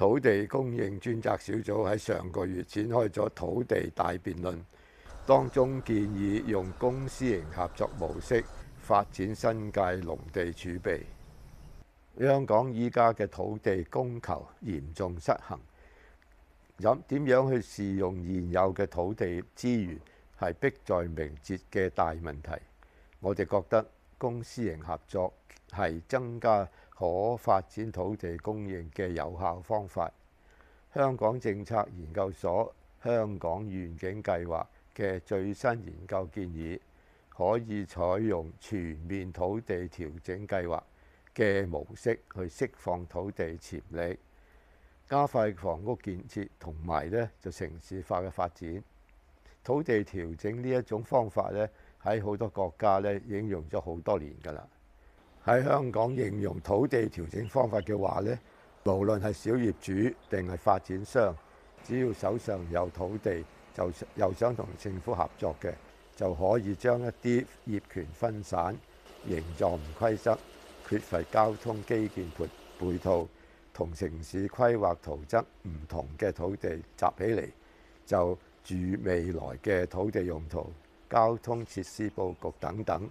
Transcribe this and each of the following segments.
土地供應專責小組喺上個月展開咗土地大辯論，當中建議用公私營合作模式發展新界農地儲備。香港依家嘅土地供求嚴重失衡，咁點樣去適用現有嘅土地資源係迫在眉睫嘅大問題。我哋覺得公私營合作係增加可發展土地供應嘅有效方法，香港政策研究所《香港願景計劃》嘅最新研究建議，可以採用全面土地調整計劃嘅模式去釋放土地潛力，加快房屋建設同埋咧就城市化嘅發展。土地調整呢一種方法咧喺好多國家咧已經用咗好多年㗎啦。喺香港應用土地調整方法嘅話呢，無論係小業主定係發展商，只要手上有土地，就又想同政府合作嘅，就可以將一啲業權分散、形狀唔規則、缺乏交通基建配套、同城市規劃圖則唔同嘅土地集起嚟，就住未來嘅土地用途、交通設施佈局等等，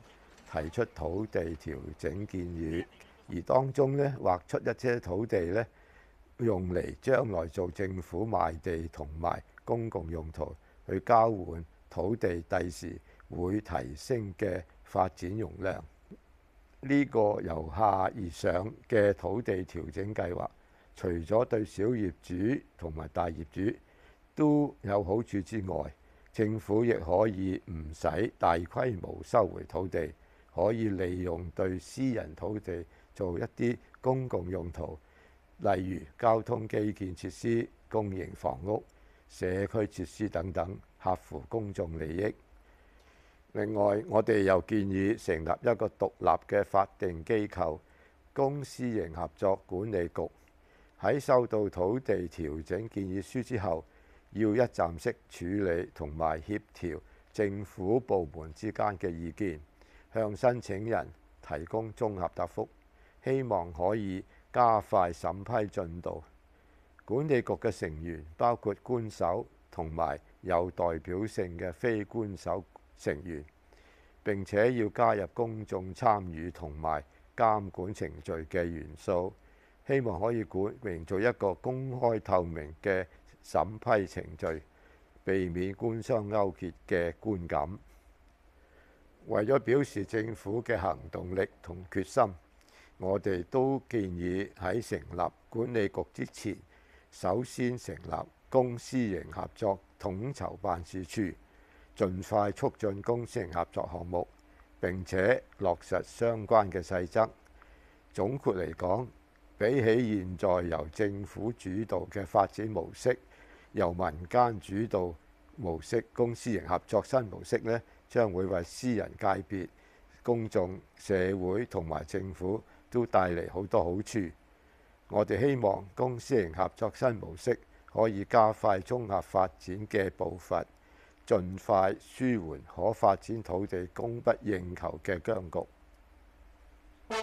提出土地調整建議，而當中咧劃出一些土地咧，用嚟將來做政府賣地同埋公共用途去交換土地，第時會提升嘅發展容量。呢個由下而上嘅土地調整計劃，除咗對小業主同埋大業主都有好處之外，政府亦可以唔使大規模收回土地。可以利用對私人土地做一啲公共用途，例如交通基建設施、公營房屋、社區設施等等，合乎公眾利益。另外，我哋又建議成立一個獨立嘅法定機構——公私營合作管理局，喺收到土地調整建議書之後，要一站式處理同埋協調政府部門之間嘅意見。向申請人提供綜合答覆，希望可以加快審批進度。管理局嘅成員包括官守同埋有代表性嘅非官守成員，並且要加入公眾參與同埋監管程序嘅元素，希望可以管明做一個公開透明嘅審批程序，避免官商勾結嘅觀感。為咗表示政府嘅行動力同決心，我哋都建議喺成立管理局之前，首先成立公私營合作統籌辦事處，盡快促進公私營合作項目，並且落實相關嘅細則。總括嚟講，比起現在由政府主導嘅發展模式，由民間主導模式公私營合作新模式呢，將會為私人界別、公眾社會同埋政府都帶嚟好多好處。我哋希望公私營合作新模式可以加快綜合發展嘅步伐，盡快舒緩可發展土地供不應求嘅僵局。